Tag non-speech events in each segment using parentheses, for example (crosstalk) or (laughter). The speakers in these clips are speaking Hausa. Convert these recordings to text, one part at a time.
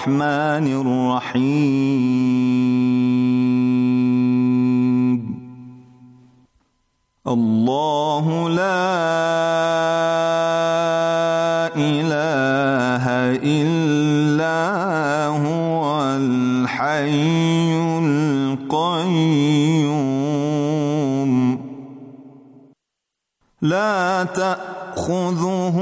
الرحمن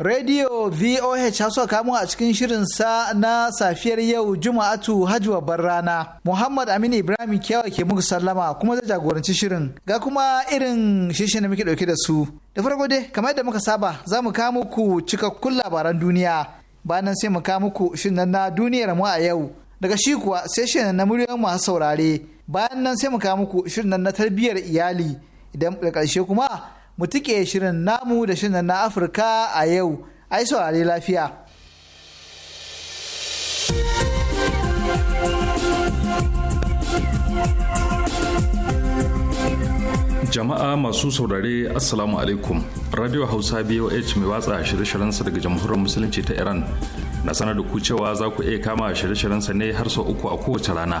Radio VOH ya so a cikin shirin sa na safiyar yau Juma'atu Hajji babbar rana. Muhammad Aminu Ibrahim Kiyawa ke muku sallama kuma zai jagoranci shirin. Ga kuma irin shishi da muke dauke da su. Da farko dai kamar yadda muka saba za mu kawo muku cikakkun labaran duniya. Bayan sai mu kawo muku shirin na duniyar mu a yau. Daga shi kuwa sai shirin na muryoyin masu saurare. Bayan nan sai mu kawo muku shirin na tarbiyyar iyali. Idan da ƙarshe kuma mu tike shirin namu da shirin na Afirka a yau. Ai saurare lafiya. jama'a masu saurare assalamu alaikum radio hausa boh mai watsa shirye sa daga jamhuriyar musulunci ta iran na sanar da ku cewa za ku iya kama shirye sa ne har sau uku a kowace rana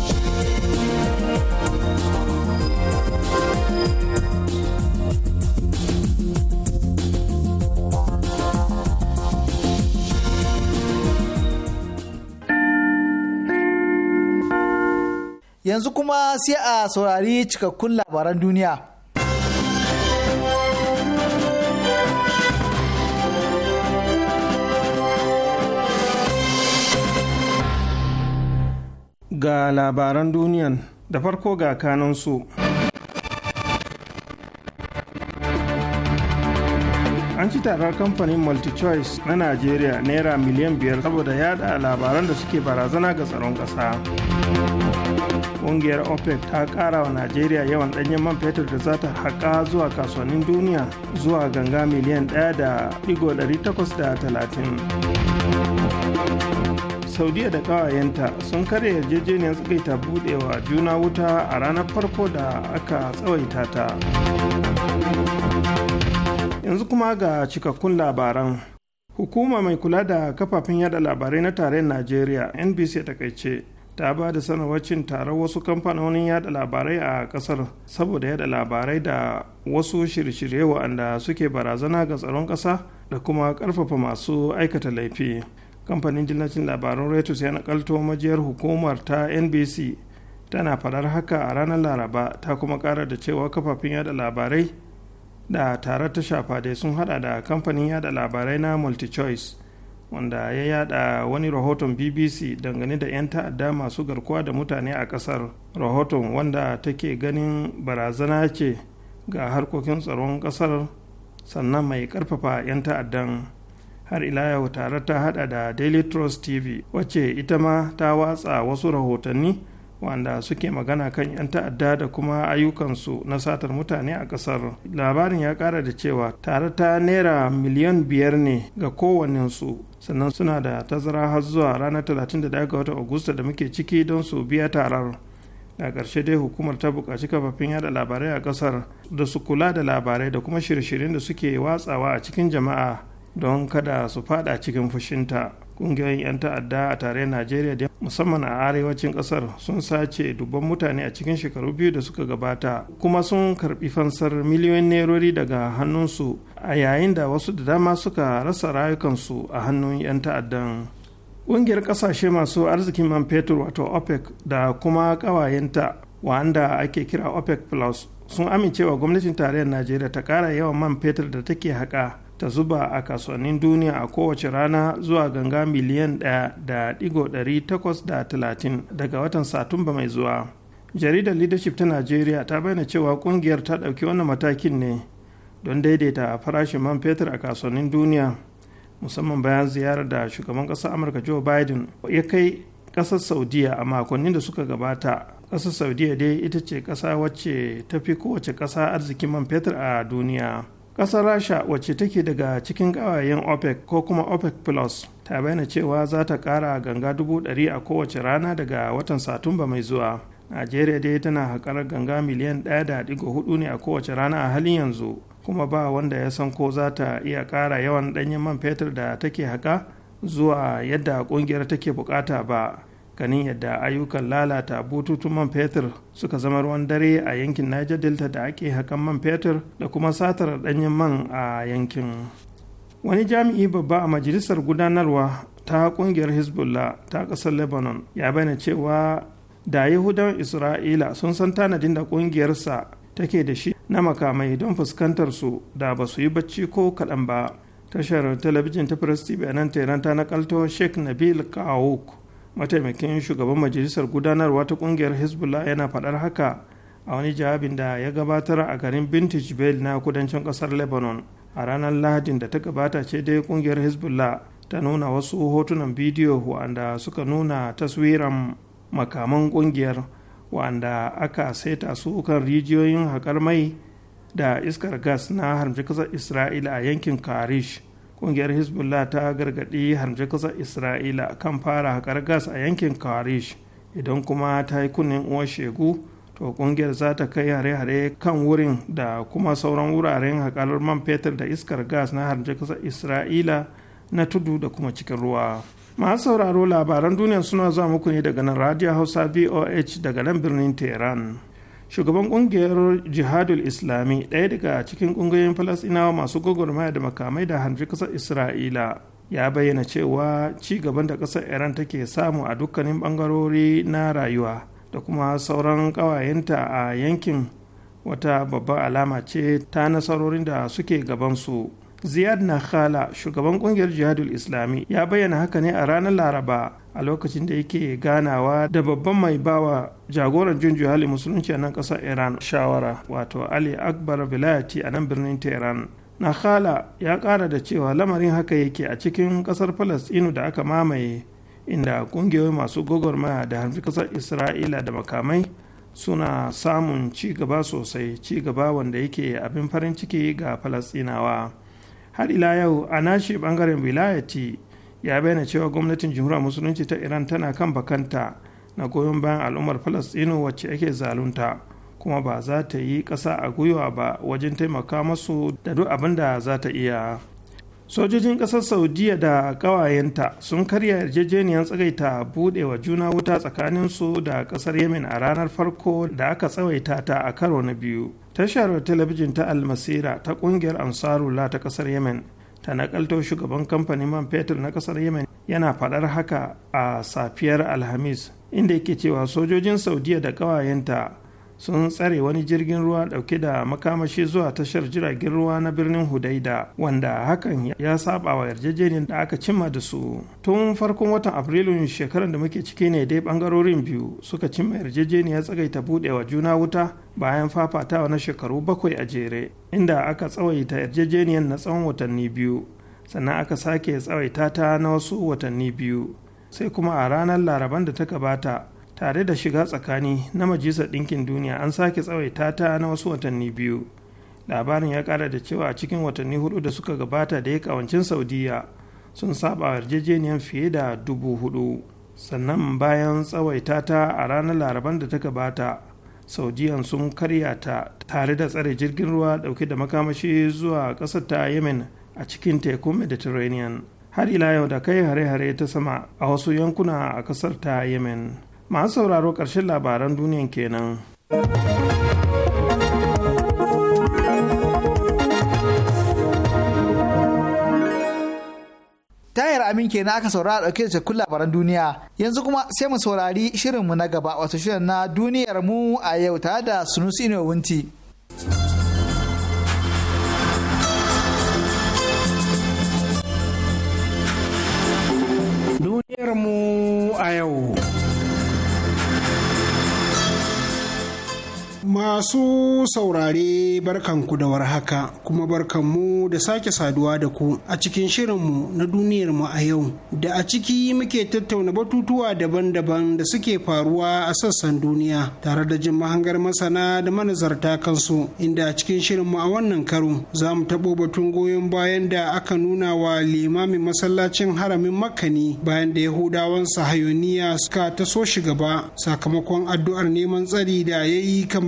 yanzu kuma sai a saurari cikakkun labaran duniya. Ga labaran duniyan da farko ga kanansu. An ci tarar kamfanin Multichoice na Najeriya Naira miliyan biyar saboda yada labaran da suke barazana ga tsaron ƙasa. ƙungiyar opec ta ƙara wa najeriya yawan ɗanyen man fetur da za ta haƙa zuwa kasuwannin duniya zuwa ganga miliyan ɗaya da 1.830 saudiya da ƙawayenta sun karya yarjejeniyar tsakaita buɗewa juna wuta a ranar farko da aka tsawaita ta yanzu kuma ga cikakkun labaran hukuma mai kula da kafafen yada labarai na tarayyar najeriya nbc takaice ta ba da sanarwacin cin taron wasu kamfanonin yada labarai a kasar saboda yada labarai da wasu shirye-shirye wa'anda suke barazana ga tsaron kasa da kuma karfafa masu aikata laifi kamfanin jillacin labarun reuters ya nakalto majiyar hukumar ta nbc tana faɗar haka a ranar laraba ta kuma ƙara da cewa kafafen yada labarai da tare ta shafa dai sun hada da kamfanin yada labarai na multichoice wanda ya yada wani rahoton bbc dangane da 'yan ta'adda masu garkuwa da mutane a kasar rahoton wanda take ganin barazana ce ga harkokin tsaron kasar sannan mai karfafa 'yan ta'addan har ila yau tare ta hada da daily trust tv wacce ita ma ta watsa wasu rahotanni wanda suke magana kan 'yan ta'adda da kuma ayyukansu na satar mutane a kasar labarin ya kara da cewa tare ta naira miliyan biyar ne ga kowannensu. sannan suna da tazara har zuwa ranar 31 ga watan agusta da muke ciki don su biya tarar a ƙarshe dai hukumar ta buƙaci kafafen yada labarai a ƙasar da su kula da labarai da kuma shirye-shiryen da suke watsawa a cikin jama'a don kada su fada cikin fushinta. kungiyoyin 'yan ta'adda a tarayyar najeriya da musamman a arewacin kasar sun sace dubban mutane a cikin shekaru biyu da suka gabata kuma sun karbi fansar miliyoyin nerori daga hannunsu a yayin da wasu da dama suka rasa rayukansu a hannun 'yan ta'addan ƙungiyar ƙasashe masu arzikin man fetur wato opec da kuma ƙawayenta wanda ake kira opec plus sun amincewa gwamnatin tarayyar najeriya ta ƙara yawan man fetur da take haƙa ta zuba a kasuwannin duniya a kowace rana zuwa ganga miliyan ɗaya da ɗigo ɗari takwas da talatin daga watan satumba mai zuwa jaridar leadership ta najeriya ta bayyana cewa kungiyar ta ɗauki wannan matakin ne don daidaita farashin man fetur a kasuwannin duniya musamman bayan ziyarar da shugaban ƙasar amurka joe biden ya kai ƙasar saudiya a makonnin da suka gabata ƙasar saudiya dai ita ce ƙasa wacce ta fi kowace ƙasa arzikin man fetur a duniya ƙasar rasha wacce take daga cikin ƙawayen opec ko kuma opec plus ta bayyana cewa za ta ƙara ganga dubu ɗari a kowace rana daga watan satumba mai zuwa najeriya dai tana hakar ganga miliyan ɗaya da ɗigo hudu ne a kowace rana a halin yanzu kuma ba wanda ya san ko za ta iya kara yawan ɗanyen man fetur da take haƙa zuwa yadda ƙungiyar take buƙata ba ganin yadda ayyukan lalata bututun man fetur suka zama ruwan dare a yankin niger delta da ake hakan man fetur da kuma satar danyen man a yankin wani jami'i babba a majalisar gudanarwa ta kungiyar hezbollah ta kasar lebanon ya bayyana cewa da yahudan isra'ila sun san tanadin da kungiyarsa take da shi na makamai don fuskantar su da ba su yi bacci ko kaɗan ba tashar talabijin ta press tv a nan teran ta nakalto sheikh nabil kawuk mataimakin shugaban majalisar gudanarwa ta kungiyar hezbollah yana faɗar haka a wani jawabin da ya gabatar a garin vintage bell na kudancin ƙasar lebanon a ranar lahadin da ta gabata ce dai kungiyar hezbollah ta nuna wasu hotunan bidiyo wanda suka nuna taswiran makaman kungiyar wanda aka saita su kan rijiyoyin haƙar mai da iskar gas na harmci ƙasar isra'ila a yankin karish ƙungiyar hezbollah ta gargaɗi harmace ƙasar isra'ila kan fara haƙar gas a yankin karish idan kuma ta yi kunnen uwar shegu to ƙungiyar za ta kai hare-hare kan wurin da kuma sauran wuraren haƙar man fetur da iskar gas na harmace ƙasar isra'ila na tudu da kuma cikin ruwa masu sauraro labaran duniya suna zuwa muku ne daga nan radio hausa voh daga nan birnin tehran shugaban kungiyar jihadul islami ɗaya daga cikin ƙungiyoyin falasinawa masu gwagwarmaya da makamai da hanji ƙasar isra'ila ya bayyana cewa ci gaban da ƙasar iran take samu a dukkanin ɓangarori na rayuwa da kuma sauran ƙawayenta a yankin wata babbar alama ce ta nasarorin da suke gabansu ziyad nakhala shugaban kungiyar jihadul islami ya bayyana haka ne a ranar laraba a lokacin da yake ganawa da babban mai bawa jagoran jin juhali musulunci a nan ƙasar iran shawara wato ali akbar vilayati a nan birnin tehran nakhala ya ƙara da cewa lamarin haka yake a cikin ƙasar Falasɗinu da aka mamaye inda ƙungiyoyi masu gwagwarmaya da harfi ƙasar isra'ila da makamai suna samun ci gaba sosai ci gaba wanda yake abin farin ciki ga falastinawa har ila yau a nashi bangaren wilayati ya bayyana cewa gwamnatin jamhuriyar musulunci ta iran tana kan bakanta na goyon bayan al'ummar falastinu wacce ake zalunta kuma ba za ta yi ƙasa a gwiwa ba wajen taimaka masu da duk abin da za ta iya sojojin ƙasar saudiya da ƙawayenta sun karya yarjejeniyar tsagaita buɗe wa juna wuta tsakaninsu da ƙasar yemen a ranar farko da aka tsawaita ta a karo na biyu tashar talabijin ta almasira ta kungiyar ansarula ta kasar yemen ta nakalto shugaban kamfanin man fetur na kasar yemen yana faɗar haka a safiyar alhamis inda yake cewa sojojin saudiya da ƙawayenta sun tsare wani jirgin ruwa dauke da makamashi zuwa tashar jiragen ruwa na birnin hudaida wanda hakan ya saba wa yarjejeniyar da aka cimma da su tun farkon watan afrilun shekarar da muke ciki ne dai bangarorin biyu suka cimma yarjejeniyar tsagaita budewa juna wuta bayan fafatawa na shekaru bakwai a jere inda aka tsawaita yarjejeniyar na tsawon watanni biyu sannan aka sake tsawaita ta na wasu watanni biyu sai kuma a ranar laraban da ta gabata tare da shiga tsakani na majalisar ɗinkin duniya an sake tsawaita ta na wasu watanni biyu labarin ya ƙara da cewa a cikin watanni hudu da suka gabata da ya kawancin saudiya sun saba yarjejeniyar fiye da dubu hudu sannan bayan tsawaita ta a ranar laraban da ta gabata saudiyan sun karya ta tare da tsare jirgin ruwa dauke da makamashi zuwa ƙasar ta yemen a cikin tekun mediterranean har ila yau da kai hare-hare ta sama a wasu yankuna a ƙasar ta yemen masu sauraro ƙarshen labaran duniyan kenan. tayar amin kenan aka saurara dauke da cikakkun labaran duniya yanzu kuma sai mu saurari shirin mu na gaba wato shirin na duniyar mu a yau tare da sunusi ne wunti duniyar mu a yau Masu saurare barkanku da warhaka kuma barkanmu da sake saduwa da ku a cikin shirinmu na duniyarmu a yau da a ciki muke tattauna batutuwa daban-daban da suke faruwa a sassan duniya tare da jin mahangar masana da manazarta kansu inda a cikin shirinmu a wannan karo za mu taɓo batun goyon bayan da aka nuna wa limamin masallacin haramin makani bayan da yahudawan sahayoniya suka taso shi gaba sakamakon addu'ar neman tsari da ya yi kan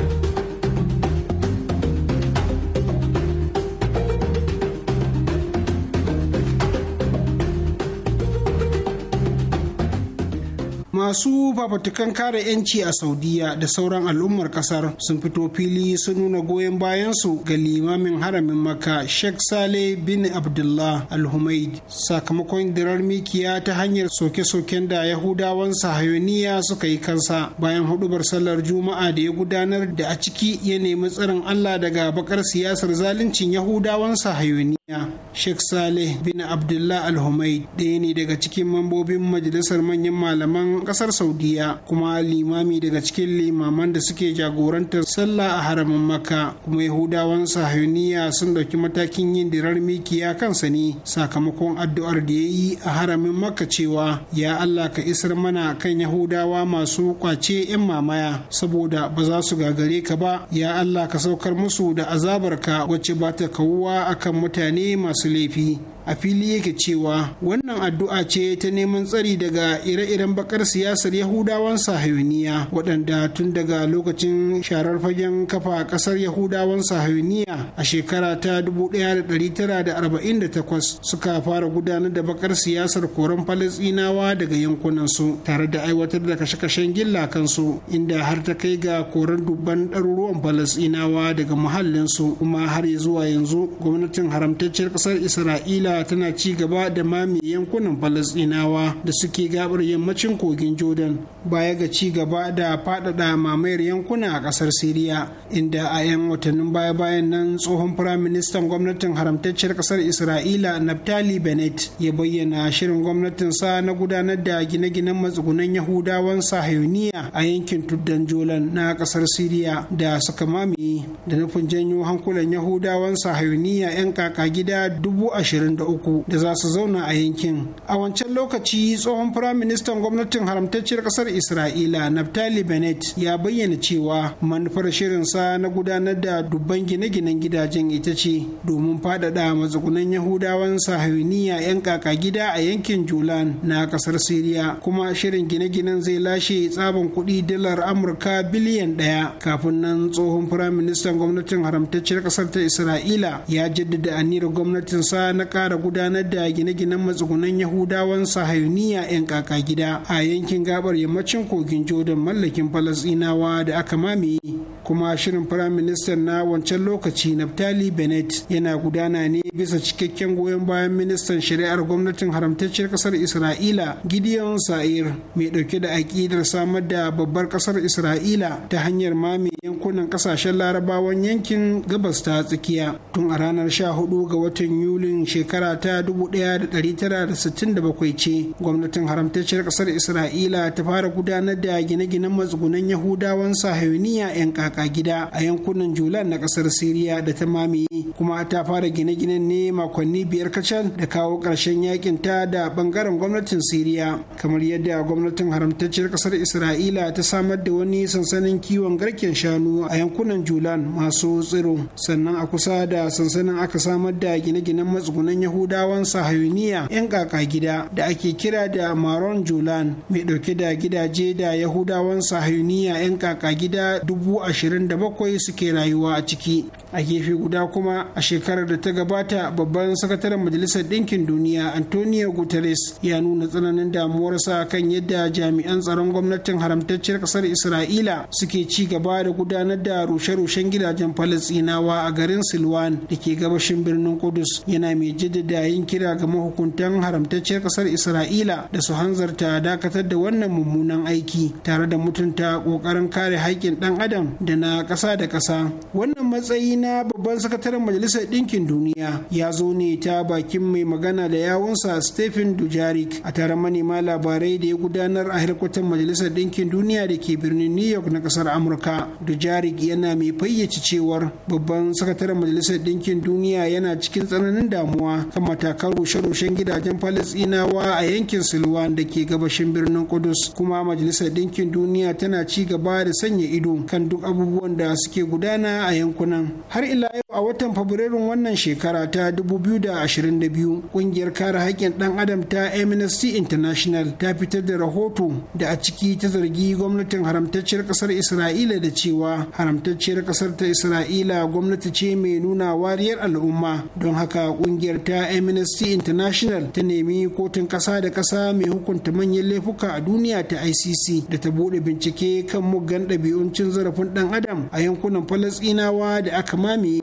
masu fafatukan kare 'yanci a saudiya da sauran al'ummar kasar sun fito fili sun nuna goyon bayansu ga limamin haramin maka sheikh saleh bin abdullah al-humaid sakamakon dirar mikiya ta hanyar soke-soken da yahudawan sahayoniya suka yi kansa bayan hudubar sallar juma'a da ya gudanar da a ciki ya nemi tsarin allah daga bakar siyasar zaluncin yahudawan sahayoniya sheikh saleh bin abdullah al-humaid ɗaya ne daga cikin mambobin majalisar manyan malaman ƙasar kasar saudiya kuma limami daga cikin limaman da suke jagorantar sallah a haramin makka kuma yahudawan sahuniya sun ɗauki matakin yin dirar mikiya kansa ne sakamakon addu'ar da ya yi a haramin makka cewa ya allah ka isar mana kan yahudawa masu kwace 'yan mamaya saboda ba za su gagare ka ba ya allah ka saukar musu da azabarka wacce ba ta kawuwa akan mutane masu laifi a fili yake cewa wannan addu'a ce ta neman tsari daga ire-iren bakar siyasar yahudawan sahayuniya waɗanda tun daga lokacin sharar fagen kafa ƙasar yahudawan sahayuniya a shekara ta 1948 suka fara gudanar da bakar siyasar koren falasinawa daga yankunansu tare da aiwatar da kashe-kashen gilla kansu inda har ta kai ga koren dubban ɗaruruwan falasinawa daga muhallinsu kuma har zuwa yanzu gwamnatin haramtacciyar ƙasar isra'ila tana ci gaba da mami yankunan falasɗinawa da suke gabar yammacin kogin jordan baya ga ci gaba da faɗaɗa mamayar yankuna a ƙasar siriya inda a 'yan watannin baya-bayan nan tsohon firaministan gwamnatin haramtacciyar ƙasar isra'ila naftali bennett ya bayyana shirin gwamnatinsa na gudanar da gine-ginen matsugunan yahudawan sahayuniya a yankin tuddan jolan na ƙasar siriya da suka mamaye da nufin janyo hankulan yahudawan sahayuniya 'yan kaka gida dubu ashirin 23 da za su zauna a yankin a wancan lokaci tsohon firaministan gwamnatin haramtacciyar kasar isra'ila naftali bennett ya bayyana cewa manufar shirin sa na gudanar da dubban gine-ginen gidajen ita ce domin faɗaɗa matsugunan yahudawan sahayuniya 'yan kaka gida a yankin julan na kasar siriya kuma shirin gine-ginen zai lashe tsabin kuɗi dalar amurka biliyan ɗaya kafin nan tsohon firaministan gwamnatin haramtacciyar kasar ta isra'ila ya jaddada gwamnatin sa na ƙara fara gudanar da gine-ginen matsugunan yahudawan sahayuniya 'yan kaka gida a yankin gabar yammacin kogin jordan mallakin falasinawa da aka mami kuma shirin firaministan na wancan lokaci naftali bennett yana gudana ne bisa cikakken goyon bayan ministan shari'ar gwamnatin haramtacciyar kasar isra'ila gideon sa'ir mai dauke da aƙidar samar da babbar kasar isra'ila ta hanyar mame yankunan kasashen larabawan yankin gabas ta tsakiya tun a ranar 14 ga watan yulin shekarar shekara ta 1967 ce gwamnatin haramtacciyar ƙasar isra'ila ta fara gudanar da gine-ginen matsugunan yahudawan sahayuniya 'yan kaka gida a yankunan julan na ƙasar siriya da ta mamaye kuma ta fara gine-ginen ne makonni biyar kacal da kawo ƙarshen yakin ta da ɓangaren gwamnatin siriya kamar yadda gwamnatin haramtacciyar ƙasar isra'ila ta samar da wani sansanin kiwon garken shanu a yankunan julan masu tsiro sannan a kusa da sansanin aka samar da gine-ginen matsugunan yahudawan sahayuniya 'yan kaka gida da ake kira da maron julan mai dauke da gidaje da yahudawan sahayuniya 'yan kaka gida dubu ashirin da bakwai suke rayuwa a ciki a gefe guda kuma a shekarar da ta gabata babban sakataren majalisar ɗinkin duniya antonio guterres ya nuna tsananin damuwarsa kan yadda jami'an tsaron gwamnatin haramtacciyar ƙasar isra'ila suke ci gaba da gudanar da rushe-rushen gidajen falastinawa a garin silwan da ke gabashin birnin kudus yana mai jaddada yin kira ga mahukuntan haramtacciyar ƙasar isra'ila da su hanzarta dakatar da wannan mummunan aiki tare da mutunta ƙoƙarin kare haƙƙin ɗan adam da na ƙasa da ƙasa wannan matsayi na babban sakataren majalisar ɗinkin duniya ya zo ne ta bakin mai magana da yawunsa stephen dujarik a tare manema labarai da ya gudanar a harkokin majalisar ɗinkin duniya da ke birnin new york na ƙasar amurka dujarik yana mai fayyace cewar babban sakataren majalisar ɗinkin duniya yana cikin tsananin damuwa kan matakan rushe-rushen gidajen palestinawa a yankin silwan da ke gabashin birnin kudus kuma majalisar ɗinkin duniya tana ci gaba da sanya ido kan duk abubuwan da suke gudana a yankunan har ila yau a watan fabrairun wannan shekara ta 2022 kungiyar kare haƙƙin ɗan adam ta amnesty international ta fitar da rahoto da a ciki ta zargi gwamnatin haramtacciyar ƙasar isra'ila da cewa haramtacciyar ƙasar ta isra'ila gwamnati ce mai nuna wariyar al'umma don haka kungiyar ta amnesty international ta nemi kotun ƙasa da ƙasa mai hukunta manyan laifuka a duniya ta icc da ta buɗe bincike kan muggan ɗabi'un cin zarafin ɗan adam a yankunan falasɗinawa da aka mami.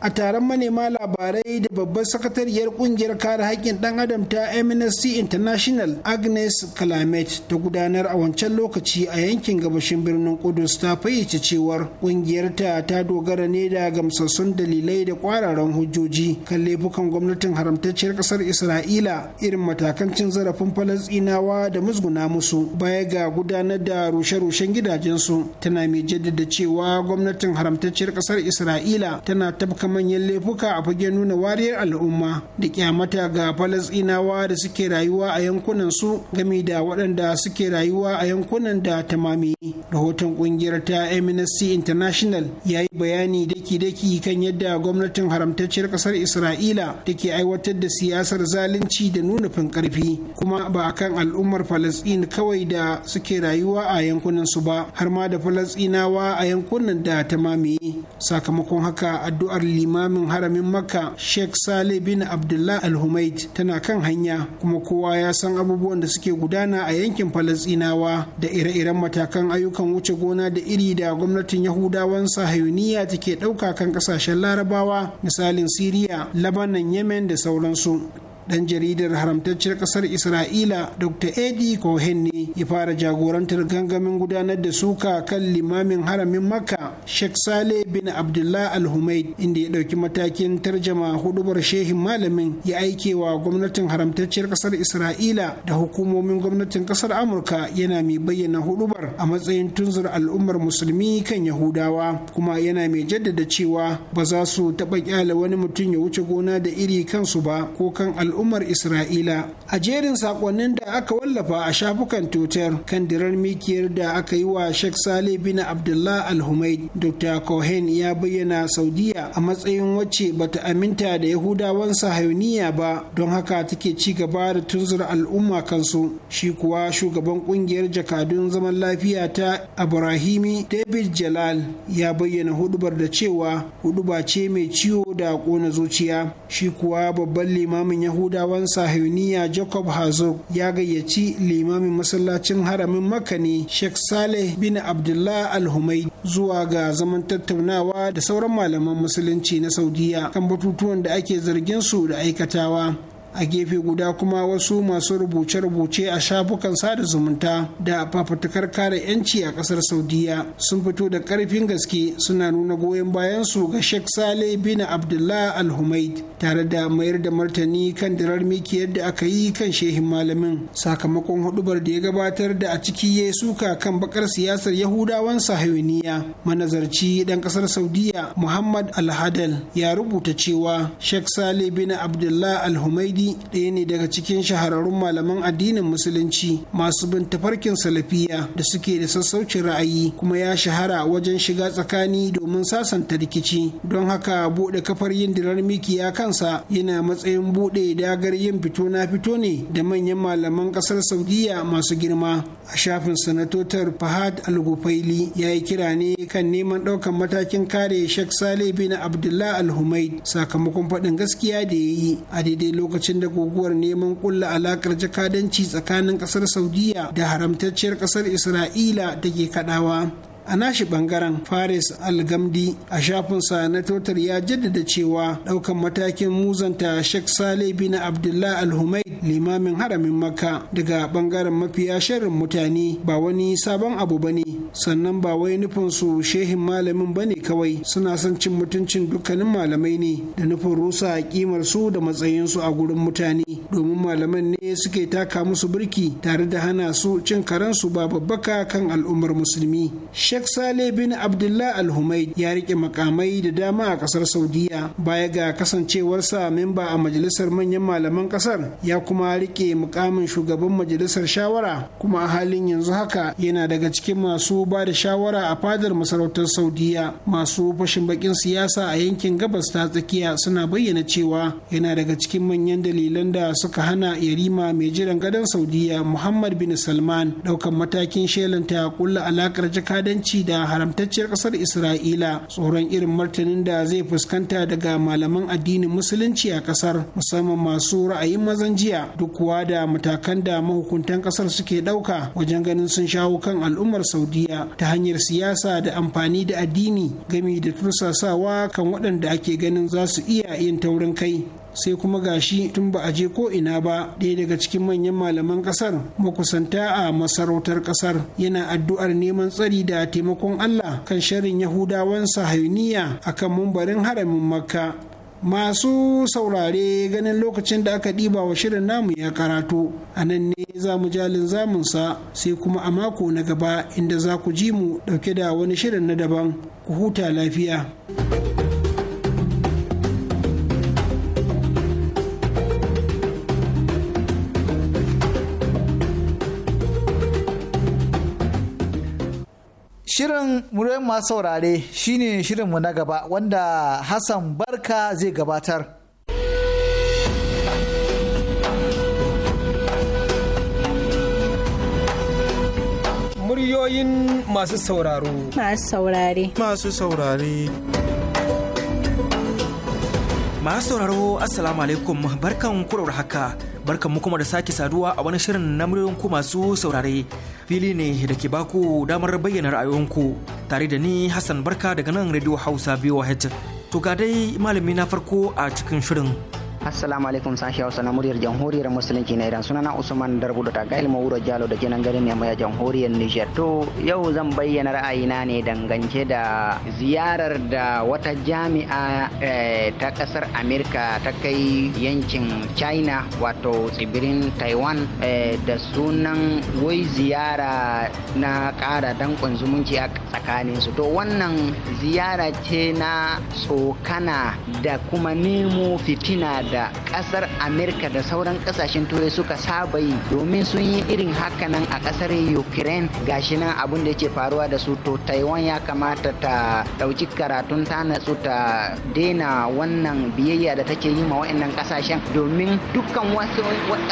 a taron manema labarai da babbar sakatariyar kungiyar kare haƙƙin ɗan adam ta amnesty international agnes calamet ta gudanar a wancan lokaci a yankin gabashin birnin kudus ta fayyace cewar kungiyar ta dogara ne da gamsassun dalilai da kwararan hujjoji kan laifukan gwamnatin haramtacciyar ƙasar isra'ila irin matakan cin zarafin falasɗinawa da musguna musu baya ga gudanar da rushe-rushen gidajensu tana mai jaddada cewa gwamnatin haramtacciyar ƙasar isra'ila tana tabbatar tafka manyan laifuka a fage nuna wariyar al'umma da kyamata ga falasinawa da suke rayuwa a yankunan su game da waɗanda suke rayuwa a yankunan da tamami rahoton ƙungiyar ta amnesty international ya yi bayani daki-daki kan yadda gwamnatin haramtacciyar ƙasar isra'ila da ke aiwatar da siyasar zalunci da nuna fin ƙarfi kuma ba a kan al'ummar falasɗin kawai da suke rayuwa a yankunan su ba har ma da falasɗinawa a yankunan da tamami sakamakon haka addu'ar limamin haramin makka sheikh sale bin abdullah al-humaid tana kan hanya kuma kowa ya san abubuwan da suke gudana a yankin falasinawa da ire-iren matakan ayyukan wuce gona da iri da gwamnatin yahudawan sahayuniya take ɗauka kan ƙasashen larabawa misalin siriya labanan yemen da sauransu dan jaridar haramtacciyar kasar isra'ila dr edi cohen ne ya fara jagorantar gangamin gudanar da suka kan limamin haramin makka sheikh saleh bin abdullah al humaid inda ya ɗauki matakin tarjama hudubar shehin malamin ya aike wa gwamnatin haramtacciyar kasar isra'ila da hukumomin gwamnatin kasar amurka yana mai bayyana hudubar a matsayin tunzur al'ummar musulmi kan yahudawa kuma yana mai jaddada cewa ba za su taɓa kyale wani mutum ya wuce gona da iri kansu ba ko kan al'ummar al'ummar isra'ila a jerin sakonnin da aka wallafa a shafukan tutar kan dirar mikiyar da aka yi wa sheikh sale bin abdullah al-humaid dr cohen ya bayyana saudiya a matsayin wacce bata aminta da yahudawan sahayuniya ba don haka take ci gaba da tunzura al'umma kansu shi kuwa shugaban kungiyar jakadun zaman lafiya ta abrahimi david jalal ya bayyana hudubar da cewa huduba ce mai ciwo da kona zuciya shi kuwa babban limamin yahudawa yahudawan sahiyuniya jacob hazog ya gayyaci limamin masallacin haramin makka ne sheikh saleh bin abdullah al-humaid zuwa ga zaman tattaunawa da sauran malaman musulunci na saudiya kan batutuwan da ake zargin su da aikatawa a gefe guda kuma wasu masu rubuce-rubuce a shafukan sada zumunta da fafutukar kare 'yanci a kasar saudiya sun fito da karfin gaske suna nuna goyon bayan su ga sheikh saleh bin abdullah al-humaid tare da mayar da martani kan dirar mikiyar da aka yi kan shehin malamin sakamakon hudubar da ya gabatar da a ciki ya suka kan bakar siyasar yahudawan sahayuniya manazarci dan kasar saudiya muhammad al-hadal ya rubuta cewa sheikh saleh bin abdullah al-humaidi ɗaya ne daga cikin shahararrun malaman addinin musulunci masu bin tafarkin salafiya da suke da sassaucin ra'ayi kuma ya shahara wajen shiga tsakani domin sasanta rikici don haka buɗe kafar yin dirar mikiya kansa yana matsayin buɗe dagar yin fito na fito ne da manyan malaman ƙasar Saudiya masu girma a shafin sanatotar Fahad Al-Gufaili ya yi kira ne kan neman ɗaukan matakin kare shek sale bin Abdullah Al-Humaid sakamakon faɗin gaskiya da ya yi a daidai lokacin lokacin da guguwar neman kulla alakar jakadanci tsakanin kasar saudiya da haramtacciyar kasar isra'ila da ke kadawa a nashi bangaren faris algamdi a shafinsa na totar ya jaddada cewa daukan matakin muzanta sheikh saleh bin abdullah al-humaid limamin haramin makka daga bangaren mafiya sharrin mutane ba wani sabon abu bane sannan ba wai nufin su shehin malamin bane kawai suna son cin mutuncin dukkanin malamai ne da nufin rusa a kimar su da matsayin su a gurin mutane domin malaman ne suke taka musu birki tare da hana su cin karansu ba babbaka kan al'ummar musulmi Sheikh Saleh bin Abdullah Al Humaid ya rike makamai da dama a kasar Saudiya baya ga kasancewarsa memba a majalisar manyan malaman kasar ya kuma rike mukamin shugaban majalisar shawara kuma a halin yanzu haka yana daga cikin masu ba da shawara a fadar masarautar Saudiya masu fashin bakin siyasa a yankin gabas ta tsakiya suna bayyana cewa yana daga cikin manyan dalilan da suka hana yarima mai jiran gadon Saudiya Muhammad bin Salman daukan matakin shelanta kulla alakar jakadanci ta'addanci da haramtacciyar ƙasar isra'ila tsoron irin martanin da zai fuskanta daga malaman addinin musulunci a ƙasar musamman masu ra'ayin mazan jiya duk kuwa da matakan da mahukuntan ƙasar suke ɗauka wajen ganin sun shawo kan al'ummar saudiya ta hanyar siyasa da amfani da addini gami da tursasawa kan waɗanda ake ganin za su iya yin taurin kai sai kuma gashi tun ba a je ko ina ba ɗaya daga cikin manyan malaman ƙasar makusanta a masarautar ƙasar yana addu'ar neman tsari da taimakon Allah kan shirin Yahudawan sahayuniya kan mumbarin haramin Makka masu saurare ganin lokacin da aka ɗiba wa shirin namu ya karatu a nan ne za mu jalin zamunsa sai kuma a mako na gaba inda za ku ji mu ɗauke da wani shirin na daban ku huta lafiya. Shirin muryar masu saurare shine shirinmu na gaba wanda Hassan Barka zai gabatar. Muryoyin masu sauraro. Masu saurare. Masu saurare. Masu sauraro, Assalamu alaikum, barkan kurar haka. barkan mu kuma da sake saduwa a wani shirin na muryoyin ku masu saurare fili ne da ke baku damar bayyana ra'ayoyinku tare da ni Hassan Barka daga nan Radio Hausa BOH to ga dai malami na farko a cikin shirin assalamu alaikum sashi hausa na muryar jamhuriyar musulunci na iran sunana usman darbudu ta ga ilmu wuro jalo da kenan garin mai jamhuriyar niger to yau zan bayyana ra'ayina ne dangance da ziyarar da wata jami'a eh, ta kasar amerika ta kai yankin china wato tsibirin taiwan eh, da sunan wai ziyara na kara dankon zumunci a tsakanin su to wannan ziyara ce na tsokana da kuma nemo fitina da da kasar amerika da sauran kasashen turai suka saba yi domin sun yi irin haka nan a kasar ukraine gashi nan abin da yake faruwa da su to taiwan ya kamata ta dauki karatun ta natsu ta daina wannan biyayya da take yi ma wa'annan kasashen domin dukkan wasu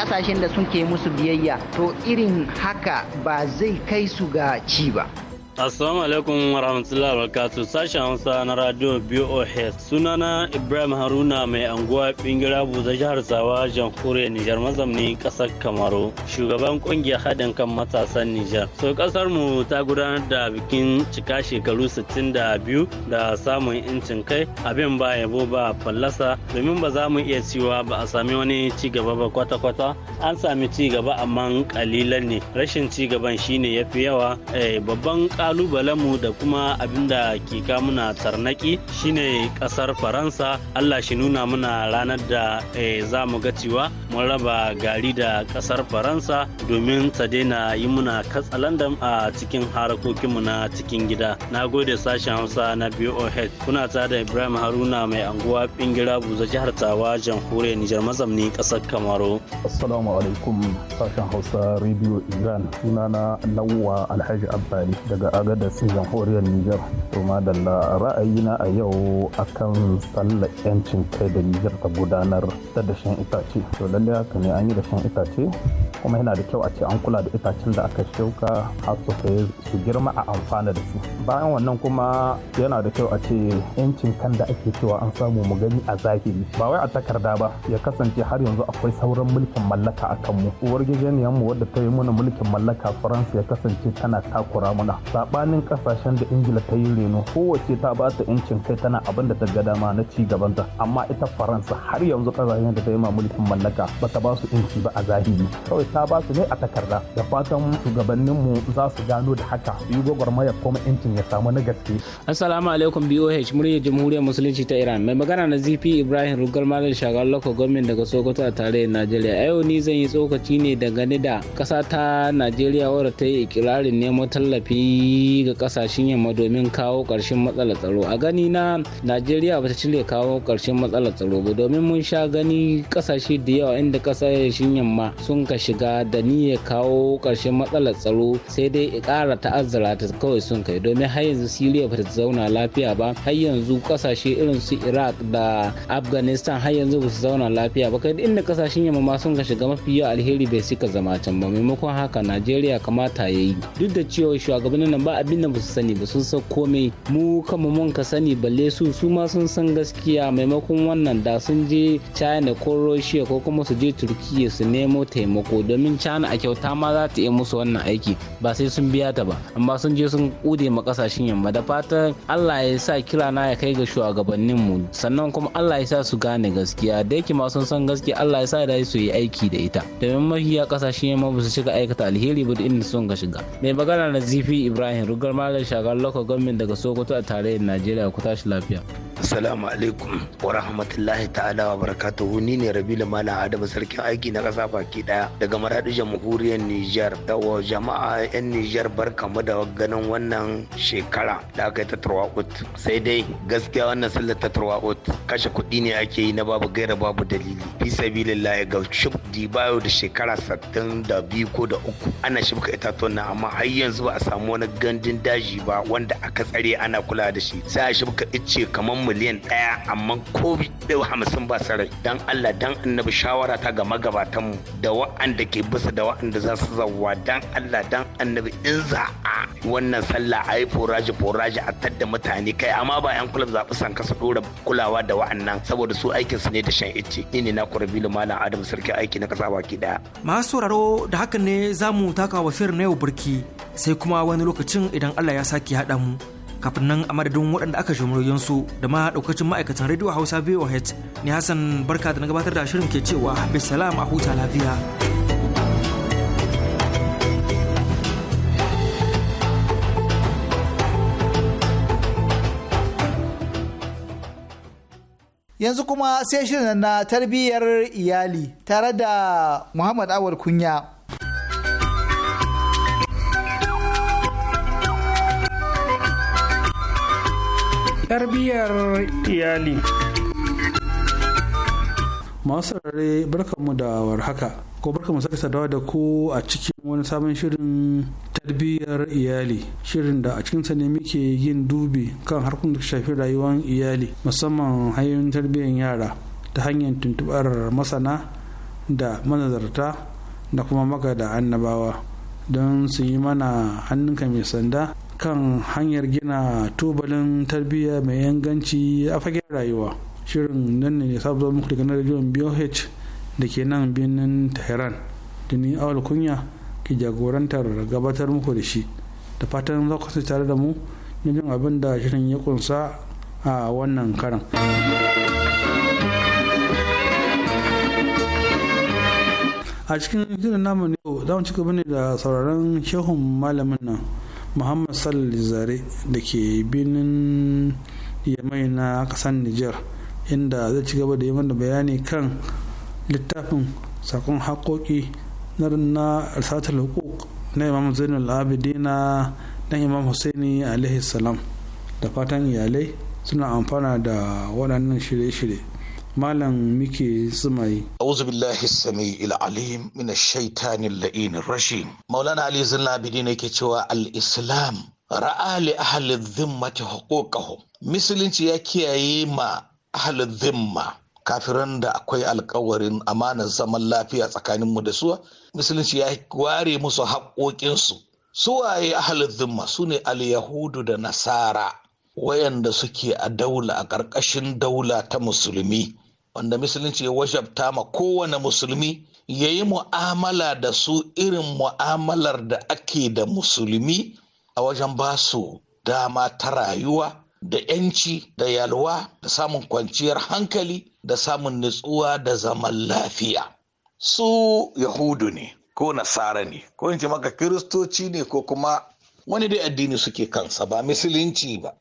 kasashen da sun ke musu biyayya to irin haka ba zai kai su ga ci ba Assalamu alaikum wa rahmatullahi wa sashen Hausa na radio BOS sunana Ibrahim Haruna mai anguwa bingira buza jihar Sawa jamhuriyar Nijar mazamni kasar Kamaru shugaban kungiyar haɗin kan matasan Nijar. So kasar mu ta gudanar da bikin cika shekaru 62 da samun incin kai abin ba yabo ba fallasa domin ba za mu iya cewa ba a sami wani ci gaba ba kwata-kwata an sami ci gaba amma kalilan ne rashin ci gaban shine yafi yawa eh, babban mu da kuma abinda da ke muna tarnaki shine kasar faransa allah shi nuna muna ranar da eh, za mu ga cewa mun raba gari da kasar faransa domin ta daina yi muna katsalandam a cikin harakokinmu na cikin gida na gode sashen hausa na boh kuna ta da ibrahim haruna mai anguwa bingira buza jihar tawa jamhuriyar nijar mazamni kasar kamaru assalamu alaikum sashen hausa radio iran sunana lawa alhaji abbali daga da agadar jamhuriyar niger to madalla ra'ayina a yau akan sallar yancin kai da Nijar ta gudanar da dashen itace to lalle haka ne an yi dashen itace kuma yana da kyau a ce an kula da itacen da aka shauka har su su girma a amfana da su bayan wannan kuma yana da kyau a ce yancin kan da ake cewa an samu mu gani a zahiri ba wai a takarda ba ya kasance har yanzu akwai sauran mulkin mallaka a mu. uwar gidaniyar mu wadda ta yi mana mulkin mallaka faransa ya kasance tana takura mana sabanin kasashen da ingila ta yi reno kowace ta ba ta incin kai tana abin da ta ga dama na ci gabanta amma ita faransa har yanzu kasashen da ta yi mulkin mallaka ba ta ba su inci ba a zahiri kawai ta ba su ne a takarda da fatan shugabanninmu za su gano da haka su yi gwagwarmaya kuma incin ya samu na gaske assalamu alaikum boh muryar jamhuriyar musulunci ta iran mai magana na zp ibrahim rugar malam shagar loko gwamnati daga sokoto a tarayyar najeriya a yau ni zan yi tsokaci ne dangane da kasa ta najeriya wadda ta yi ikirarin neman tallafi ga kasashen yamma domin kawo karshen matsalar tsaro a gani na najeriya bata cire kawo karshen matsalar tsaro ba domin mun sha gani kasashe da yawa inda ƙasashen yamma sun ka shiga da niyya kawo karshen matsalar tsaro sai dai kara ta'azzara ta kawai sun kai domin har yanzu siriya bata zauna lafiya ba har yanzu ƙasashe irin su iraq da afghanistan har yanzu ba su zauna lafiya ba kai inda kasashen yamma ma sun ka shiga mafi yawa alheri bai suka zama can ba maimakon haka najeriya kamata ya yi duk da cewa shugabannin ba abin da su sani ba sun san komai mu kama mun ka sani balle su su ma sun san gaskiya maimakon wannan da sun je china ko russia ko kuma su je turkiya su nemo taimako domin china a kyauta ma za ta iya musu wannan aiki ba sai sun biya ta ba amma sun je sun kude ma kasashen yamma da fatan allah ya sa kira na ya kai ga shugabannin mu sannan kuma allah ya sa su gane gaskiya da yake ma sun san gaskiya allah ya sa da su yi aiki da ita domin mafiya kasashen yamma ba su shiga aikata alheri ba da inda sun ga shiga mai magana na zifi ibrahim Ibrahim rugar malam shagar local government daga Sokoto a tarayyar Najeriya ku tashi lafiya. Assalamu alaikum wa rahmatullahi ta'ala wa barakatuhu ni ne Rabilu Malam Adamu sarkin aiki na kasa baki daya daga maradin jamhuriyar Nijar da wa jama'a 'yan Nijar mu da ganin wannan shekara da aka yi ta Turwa'ut sai dai gaskiya wannan sallar ta Turwa'ut kashe kuɗi ne ake yi na babu gaira babu dalili fi sabilillahi ga shub dibayo da shekara sattin da biyu ko da uku ana shuka itatuwan nan amma har yanzu ba a samu wani gandun daji ba wanda aka tsare ana kula da shi sai a shibka ice kamar miliyan daya amma ko hamsin ba sarai dan Allah dan annabi shawara ta ga magabatan da wa'anda ke bisa da wa'anda za su zawa dan Allah dan annabi in za a wannan sallah a yi foraji foraji a tadda mutane kai amma ba yan kulab zaɓi san su ɗora kulawa da wa'annan saboda su aikin su ne da shan ice ni ne na kurabilu malam adam sarki aiki na kasa baki daya. masu sauraro da hakan ne za mu taka wa na yau burki sai kuma wani lokacin idan Allah ya sake haɗa mu kafin nan a madadin waɗanda aka jumuriyar su da ma ɗaukacin ma'aikatan radio Hausa VOH ne Hassan barka da na gabatar da shirin ke cewa bisalam a huta lafiya. Yanzu kuma sai shirin na tarbiyyar iyali tare da Muhammad Awar Kunya. tarbiyyar iyali masu rare barkanmu da haka ko barkanmu sake sadawa da ku a cikin wani sabon shirin tarbiyyar iyali shirin da a cikinsa ne muke yin dubi kan harkun da shafi rayuwar iyali musamman hanyoyin tarbiyyar yara ta hanyar tuntubar masana da manazarta da kuma maka da annabawa don su yi mana hannunka mai sanda kan hanyar gina tubalin tarbiyya mai yanganci a fagen rayuwa shirin nan ne sabuwar muku daga rediyon boh da ke nan birnin tehran da ni awal kunya ke jagorantar gabatar muku da shi da fatan za ku tare da mu na jin abin da shirin ya kunsa a wannan karan a cikin shirin namu ne za mu ci gaba ne da sauraron shehun malamin nan muhammad salli zare da ke binin yamai na kasar niger inda zai ci gaba da yi mana bayani kan littafin sakon haƙoƙi na risatar hukuk na imam zainul abidina dan imam husaini alaihi salam da fatan iyalai suna amfana da waɗannan shirye-shirye malam muke tsumaye. A'udhu billahi sami'il alim min shaitanin la'inir rashim. Maulana Ali Zinnabidi ne yake cewa al-Islam ra'a li ahli dhimmati huquqahum. Musulunci ya kiyaye ma ahli dhimma kafiran da akwai alƙawarin amanar zaman lafiya tsakaninmu da su musulunci ya ware musu haƙoƙinsu suwaye ahli zimma su ne al-yahudu da nasara wayanda suke a daula a ƙarƙashin daula ta musulmi wanda musulunci ya wajabta ma kowane musulmi ya yi mu'amala da su irin mu'amalar da ake da musulmi a wajen ba su dama ta rayuwa da 'yanci da yalwa da samun kwanciyar hankali da samun nutsuwa da zaman lafiya su yahudu ne ko nasara ne ko in ce maka kiristoci ne ko kuma wani dai addini suke kansa ba musulunci ba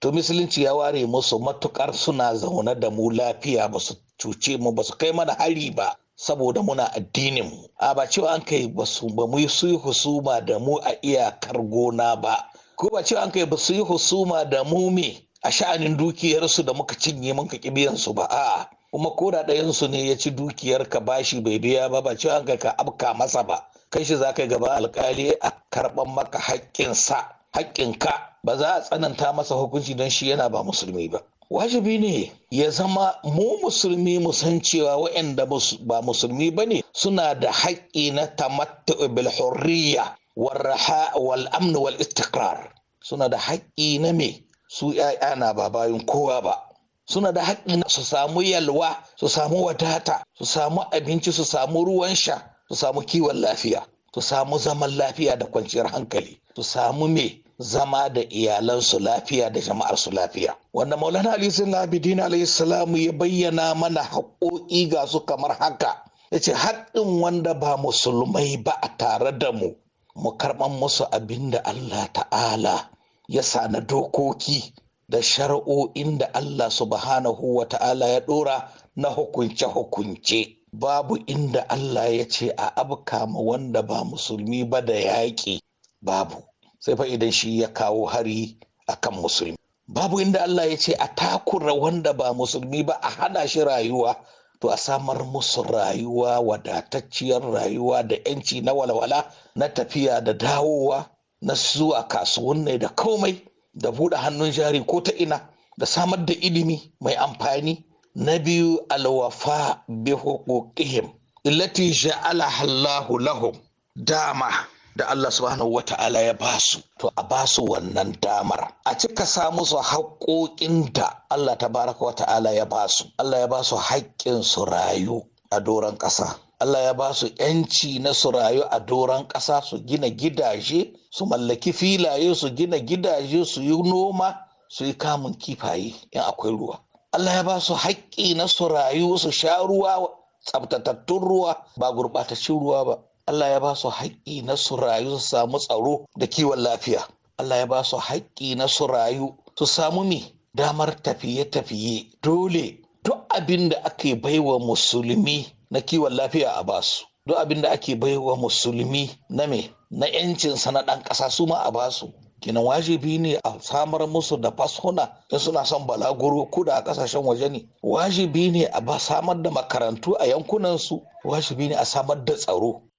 to musulunci ya ware musu matukar suna zaune da mu lafiya ba su cuce mu ba su kai mana hari ba saboda muna addinin mu a ba cewa an kai ba su ba mu yi su husuma da mu a iyakar gona ba ko ba cewa an kai ba su yi husuma da mu me a sha'anin dukiyarsu da muka cinye muka kibiyan su ba a'a kuma ko da ɗayansu ne ya ci dukiyar ka bashi bai biya ba ba cewa an kai ka abka masa ba kai shi za ka gaba alkali a karɓan maka haƙƙinsa haƙƙinka ba za a tsananta masa hukunci don shi yana ba musulmi ba wajibi ne ya zama mu musulmi mu san cewa waɗanda ba musulmi ba ne suna da haƙƙi na tamattu bil hurriya warraha wal amn wal istiqrar suna da haƙƙi na me su yaya na ba bayan kowa ba suna da haƙƙi na su samu yalwa su samu wadata su samu abinci su samu ruwan sha su samu kiwon lafiya su samu zaman lafiya da kwanciyar hankali su samu me zama da iyalansu lafiya da jama'arsu lafiya wanda maulana ali labidin salamu ya bayyana mana haƙoƙi ga su kamar haka ya ce haɗin wanda ba musulmai ba a tare da mu mu karɓan musu abin da allah ta'ala ya sa na dokoki da shar'o'in da allah subhanahu wa ta'ala ya ɗora na hukunce-hukunce babu inda allah ya ce a abka ma wanda ba musulmi ba da yaƙi babu sai fa idan shi ya kawo hari a kan musulmi babu inda Allah ya ce a takura wanda ba musulmi ba a hada shi rayuwa to a samar musu rayuwa wadatacciyar rayuwa da yanci na walwala na tafiya da dawowa na zuwa kasuwanni da komai da buɗe hannun jari ko ta ina da samar da ilimi mai amfani na biyu alwafa bi hukukihim illati ja'alaha Allahu lahum dama da Allah subhanahu wa ta'ala ya basu to a basu wannan damar a cika sa musu haƙoƙin da Allah tabaraka wa ta'ala ya basu Allah ya basu haƙƙin su rayu a doron ƙasa Allah ya ba su ‘yanci na su rayu a doron ƙasa su gina gidaje, su mallaki filaye, su gina gidaje, su yi noma, su yi kamun kifaye in akwai ruwa. Allah ya ba su haƙƙi na su rayu su sha ruwa, tsabtatattun ruwa, ba gurɓatacci ruwa ba. Allah ya ba su haƙƙi na su rayu su samu tsaro da kiwon lafiya Allah ya ba su haƙƙi na su rayu su samu mi damar tafiye-tafiye dole duk abin da ake baiwa musulmi na kiwon lafiya a ba su. duk abin da ake baiwa musulmi na me na yancinsa na ɗan ƙasa su ma a ba su. kinan wajibi ne a samar musu da fasuna in suna son balaguro ko da a ƙasashen waje ne wajibi ne a samar da makarantu a yankunansu wajibi ne a samar da tsaro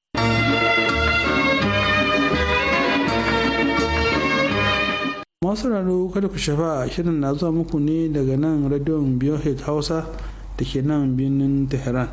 masu raro kada ku shafa shirin na zuwa muku ne daga nan radion biohit hausa da ke nan birnin tehran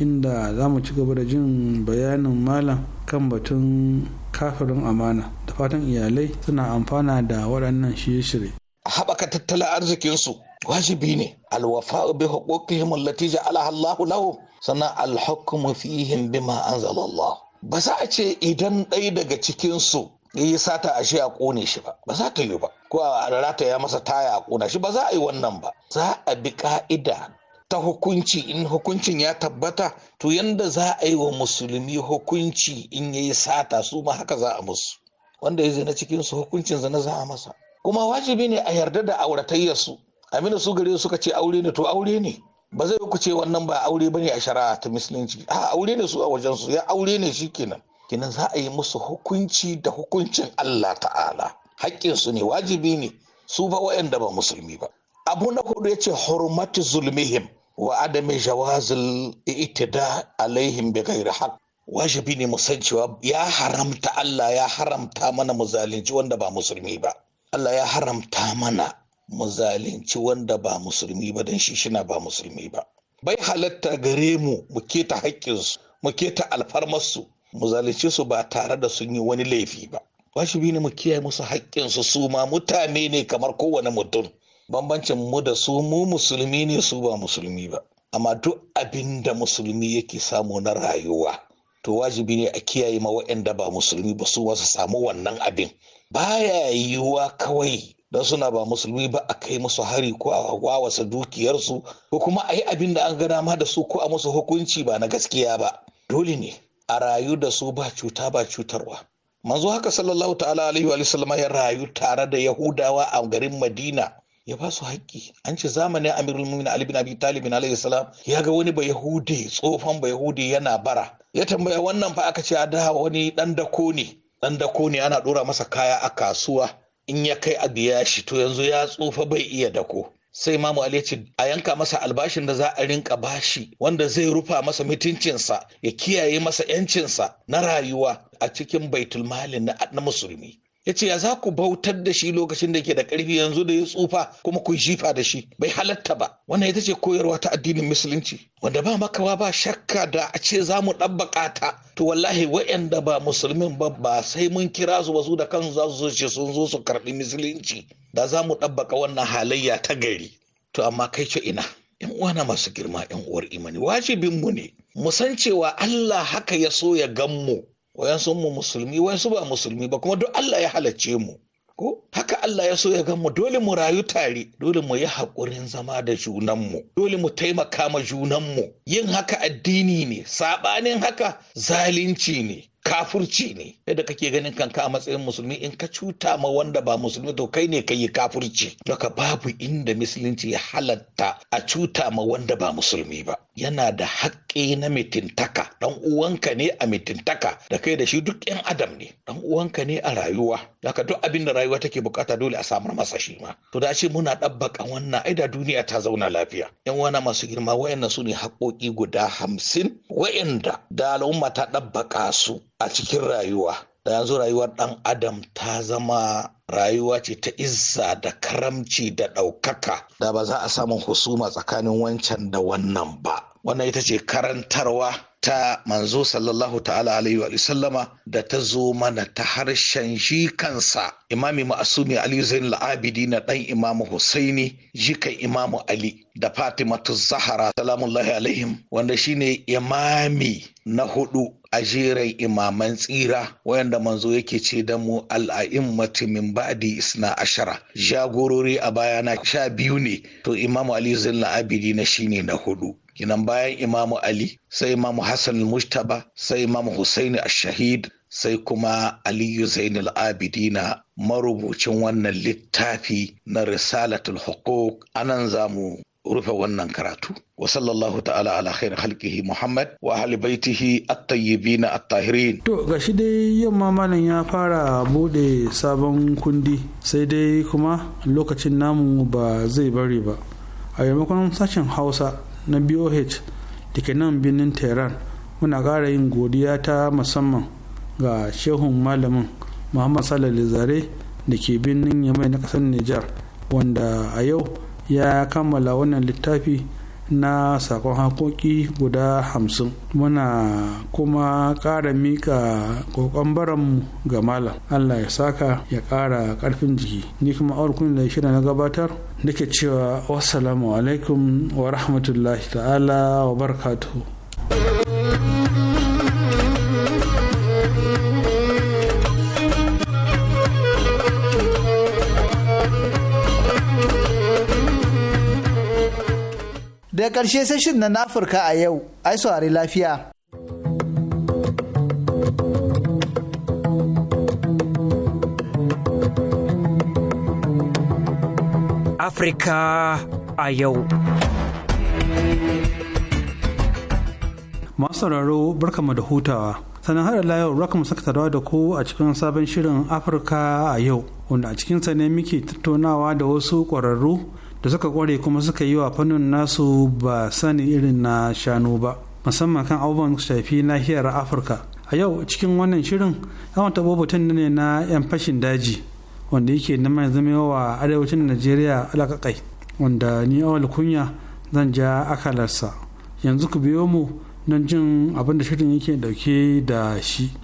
inda za mu ci gaba da jin bayanin malam kan batun kafirin amana da fatan iyalai suna amfana da waɗannan shirye-shirye a haɓaka tattalin arzikinsu wajibi ne alwafa bi huquqihim allati ja'alaha Allahu lahum sana alhakmu fihim bima anzalallah ba za a ce idan ɗaya daga cikinsu ya yi sata ashe a kone shi ba ba za ta yi ba ko a ya masa taya a ƙona shi ba za a yi wannan ba za a bi ka'ida ta hukunci in hukuncin ya tabbata to yanda za a yi wa musulmi hukunci in ya yi sata su ma haka za a musu wanda ya zina cikin su hukuncin zina za a masa kuma wajibi ne a yarda da auratayyarsu amina su gare suka ce aure ne to aure ne ba zai ku ce wannan ba aure bane a shari'a ta musulunci a aure ne su a wajen su ya aure ne shikenan kenan Kenan za a yi musu hukunci da hukuncin Allah ta'ala haƙƙin su ne wajibi ne su ba waɗanda ba musulmi ba abu na hudu ya ce hurmati zulmihim wa adami jawazil itida alaihim bi ghairi haqq wajibi ne mu cewa ya haramta Allah ya haramta mana mu zalunci wanda ba musulmi ba Allah ya haramta mana mu zalunci wanda ba musulmi ba don shi shina ba musulmi ba bai halatta gare mu mu keta haƙƙinsu mu keta alfarmarsu mu zalunce su ba tare da sun yi wani laifi ba Ba shi ne mu kiyaye musu haƙƙinsu su ma mutane ne kamar kowane mutum bambancin mu da su mu musulmi ne su ba musulmi ba amma duk abin da musulmi yake samu na rayuwa to wajibi ne a kiyaye ma waɗanda ba musulmi ba su masu samu wannan abin baya yiwuwa kawai don suna ba musulmi ba a kai musu hari ko a wawasa dukiyarsu ko kuma a yi abin da an ga dama da su ko a musu hukunci ba na gaskiya ba dole ne a rayu da su ba cuta ba cutarwa manzo haka sallallahu ta'ala alaihi wa sallama ya rayu tare da yahudawa a garin madina ya ba su haƙƙi an ce zamanin amirul mu'minin ali bin abi talib bin alaihi salam ya ga wani bayahudi tsofan bayahudi yana bara ya tambaya wannan fa aka ce a da wani dan dako ne dan dako ne ana dora masa kaya a kasuwa in ya kai a biya shi to yanzu ya tsufa bai iya dako sai mamu ali ce a yanka masa albashin da za a rinka bashi wanda zai rufa masa mutuncinsa ya kiyaye masa yancinsa na rayuwa a cikin baitulmalin na musulmi ya ce ya za ku bautar da shi lokacin da ke da ƙarfi yanzu da ya tsufa kuma ku jifa da shi bai halatta ba wannan ita ce koyarwa ta addinin musulunci wanda ba makawa ba shakka da a ce za mu ɗabbaƙa ta to wallahi wa'yanda ba musulmin ba ba sai mun kira su ba su da kansu za su ce sun zo su karɓi musulunci da za mu ɗabbaƙa wannan halayya ta gari to amma kai ce ina yan uwana masu girma yan uwar imani wajibinmu ne mu san cewa Allah haka ya so ya gan mu wayansu mu musulmi wayansu ba musulmi ba kuma duk Allah ya halacce mu ko haka Allah ya so ya gan mu dole mu rayu tare dole mu yi haƙurin zama da junan mu dole mu taimaka ma junan mu yin haka addini ne saɓanin haka zalunci ne kafurci ne yadda kake ganin kanka a matsayin musulmi in ka cuta ma wanda ba musulmi to kai ne ka yi kafurci daga babu inda musulunci ya halatta a cuta ma wanda ba musulmi ba yana da haƙƙi na mitintaka dan uwanka ne a mitintaka da kai da shi duk yan adam ne dan uwanka ne a rayuwa daga duk abin da rayuwa take bukata dole a samar masa shi ma to da shi muna ɗabbaka wannan aida duniya ta zauna lafiya yan wana masu girma wayannan su ne haƙoƙi guda hamsin wa'inda da al'umma ta ɗabbaƙa su a cikin rayuwa da yanzu rayuwar ɗan adam ta zama rayuwa ce ta izza da karamci da ɗaukaka da ba za a samun husuma tsakanin wancan da wannan ba wannan ita ce karantarwa ta manzo sallallahu ta'ala alaihi wa sallama da ta zo mana ta harshen shi kansa imami ma'asumi ali zain al'abidi na dan imamu husaini jikan imamu ali da fatimatu zahara salamullahi alaihim wanda shine imami na hudu a jeran imaman tsira wayanda manzo yake ce da mu al'a'immatu min ba'di isna ashara jagorori a bayana sha biyu ne to imamu ali zain al'abidi na shine na hudu kinan bayan imamu ali sai imamu hassan mustaba sai imamu husaini Al-Shahid, sai kuma aliyu zainul abidina marubucin wannan littafi na risalatul huquq anan zamu rufe wannan karatu wa sallallahu ta'ala ala khair halkihi muhammad wa ahli baitihi at-tayyibin at-tahirin to gashi dai yamma malam ya fara bude sabon kundi sai dai kuma lokacin namu ba zai bari ba a yammakon sashen hausa na boh da ke nan birnin tehran muna ƙara yin godiya ta musamman ga shehun malamin muhammad salali zare da ke birnin yamai na ƙasar nijar wanda a yau ya kammala wannan littafi na sakon haƙoƙi guda hamsin muna kuma ƙara mika ƙoƙon baranmu ga malam allah ya saka ya ƙara ƙarfin jiki ni kuma aurkun da shirya na gabatar nake cewa wasalamu alaikum wa rahmatullahi ta'ala wa barakatuhu Da ƙarshe sashin na afirka a yau ai saurari lafiya Afirka a yau. Masu sauraro barkamu da hutawa. Sannan haɗa layar yau rakamu saka da ku a cikin sabon shirin Afirka a yau, wanda a cikinsa ne muke tattaunawa da wasu ƙwararru da suka ƙware kuma suka yi wa fannin nasu ba sani irin na shanu ba, musamman kan abubuwan shafi nahiyar Afirka. A yau cikin wannan shirin, yawan taɓo batun ne na 'yan fashin daji. wanda yake na mai zama yawa arewacin najeriya alakakai wanda ni awal kunya zan ja akalarsa yanzu ku biyo mu don jin abin da shirin yake dauke da shi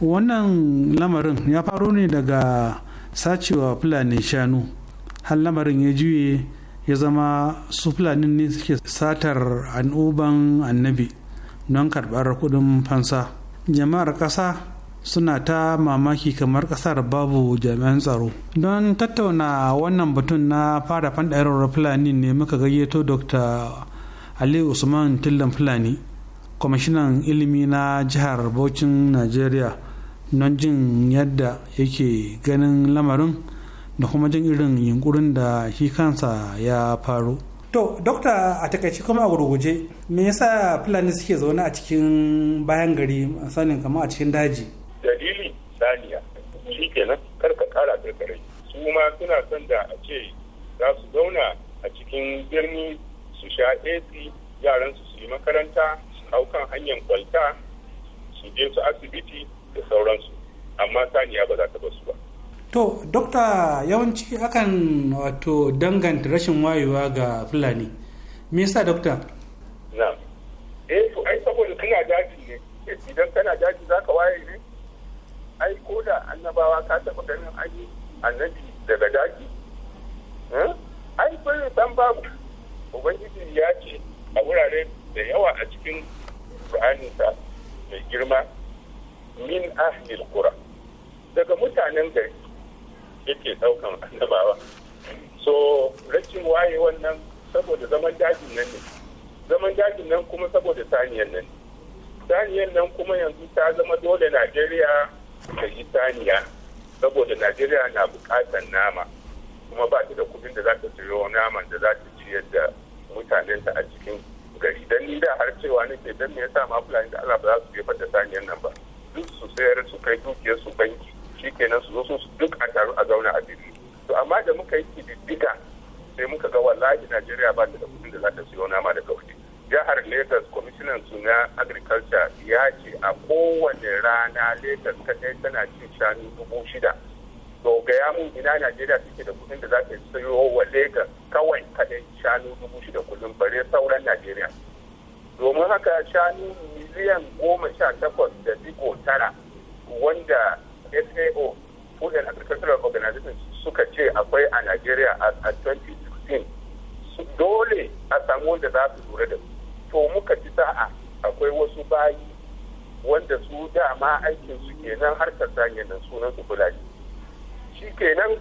wannan lamarin ya faro ne daga sacewa fulani shanu har lamarin ya juye ya zama su fulanin ne suke satar an'uban annabi don karɓar kudin fansa jama'ar ƙasa suna ta mamaki kamar ƙasar babu jami'an tsaro don tattauna wannan batun na fara fanɗarar fulani ne muka gayyato dr ali usman tillan fulani kwamishinan ilimi na jihar bauchin najeriya don jin yadda yake ganin lamarin da kuma jin irin yunkurin da shi kansa ya faru to dokta a takaice kuma a gurguje me yasa fulani suke zaune a cikin bayan gari sanin kama a cikin daji dalili saniya shi kenan kar ka kara da su ma suna son da a ce za su zauna a cikin birni su sha ac yaran su yi makaranta su hau kan hanyar kwalta su je su asibiti da sauransu amma saniya ba za ta basu ba to dokta yawanci akan wato danganta rashin wayewa ga fulani me yasa dokta na eh to ai saboda kana daji ne idan kana daji za ka waye ne ai ko da annabawa ka taɓa ganin ai annabi daga daji hmm? ai bai san babu ubangiji ya ce a wurare da yawa a cikin ƙur'aninsa mai girma min ahlil qura daga mutanen gari yake daukan (laughs) annabawa so rashin waye wannan saboda zaman dajin nan ne zaman dajin nan kuma saboda saniyan nan saniyan nan kuma yanzu ta zama dole najeriya ta yi saniya saboda najeriya na bukatar nama kuma ba ta da kudin da za ta siyo naman da za ta ciyar da ta a cikin gari dan ni da har cewa nake dan me yasa ma fulani da Allah ba za su jefa da saniyan nan ba duk su sayar su kai dukiyar su banki shikenan su zo su duk a taru a zauna a birni to amma da muka yi kididdiga sai muka ga wallahi Najeriya ba ta da kudin da za ta siyo nama da waje jihar Lagos kwamishinan su na agriculture ya ce a kowane rana Lagos kadai tana cin shanu dubu shida to gaya mun ina Najeriya take da kudin da za ta siyo wa Lagos kawai kadai shanu dubu shida kullum bare sauran Najeriya domin haka shanu miliyan goma sha takwas da digo tara wanda SAO Food and Agricultural Organization suka ce akwai a Najeriya a 2016 dole a samu wanda za su lura da su to muka ci sa'a akwai wasu bayi wanda su dama aikin su kenan har zanyen nan sunan su bulaji. shi kenan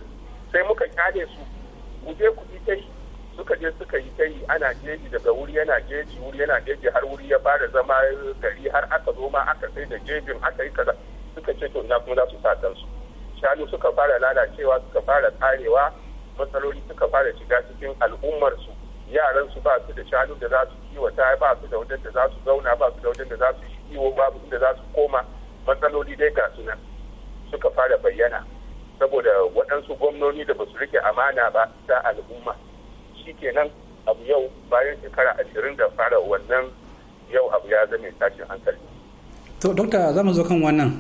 sai muka kyale su kuje kuɗi ta yi suka je suka yi ta yi ana jeji daga wuri yana jeji wuri yana jeji har wuri ya fara zama gari har aka zo ma aka sai da jejin aka yi kaza suka ce to ina kuma za su sa kansu shanu suka fara lalacewa suka fara karewa matsaloli suka fara shiga cikin al'ummarsu yaran su ba su da shanu da za su kiwata ba su da wajen da za su zauna ba su da wajen da za su yi kiwo su da za su koma matsaloli dai ga su nan suka fara bayyana saboda waɗansu gwamnoni da ba su rike amana ba ta al'umma shi nan abu yau bayan shekara ashirin da fara wannan yau abu ya zame tashin hankali to dokta za mu zo kan wannan